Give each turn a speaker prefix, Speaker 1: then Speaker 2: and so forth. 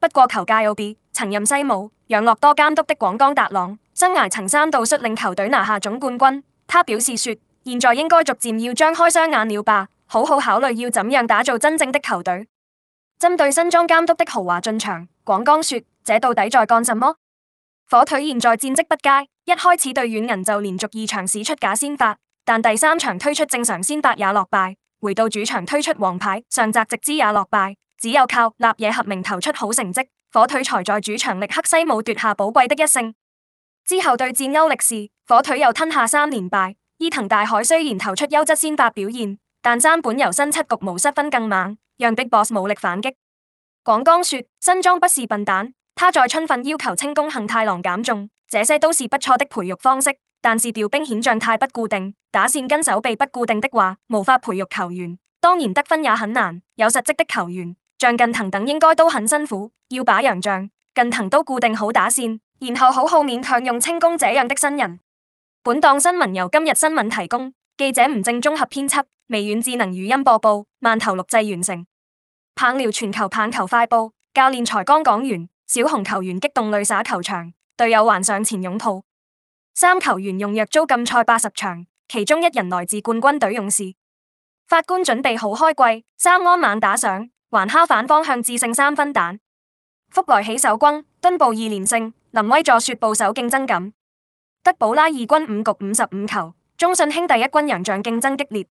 Speaker 1: 不過球界 OB，曾任西武、養樂多監督的廣岡達朗，生涯曾三度率領球隊拿下總冠軍。他表示說：現在應該逐漸要張開雙眼了吧，好好考慮要怎樣打造真正的球隊。針對新莊監督的豪華進場，廣岡說：這到底在幹什麼？火腿現在戰績不佳，一開始對軟銀就連續二場使出假先發，但第三場推出正常先發也落敗，回到主場推出王牌上澤直之也落敗。只有靠立野和明投出好成績，火腿才在主場力克西武奪下寶貴的一勝。之後對戰歐力士，火腿又吞下三連敗。伊藤大海雖然投出優質先發表現，但山本由伸七局無失分更猛，讓 BIG BOSS 無力反擊。廣岡說：新莊不是笨蛋，他在春訓要求清宮幸太郎減重，這些都是不錯的培育方式。但是調兵遣將太不固定，打線跟手臂不固定的話，無法培育球員，當然得分也很難。有實績的球員。像近藤等應該都很辛苦，要把洋將近藤都固定好打線，然後好好勉強用清宮這樣的新人。本檔新聞由今日新聞提供，記者吳正綜合編輯，微軟智能語音播報，慢頭錄製完成。棒料全球棒球快報，教練才剛講完，小紅球員激動淚灑球場，隊友還上前擁抱。三球員用藥租禁賽八十場，其中一人來自冠軍隊勇士。法官準備好開季，三安猛打賞。還哈反方向致勝三分彈，福來喜首轟，敦布二連勝，林威助說捕手競爭感，德保拉二軍五局五十五球，中信兄弟一軍人像競爭激烈。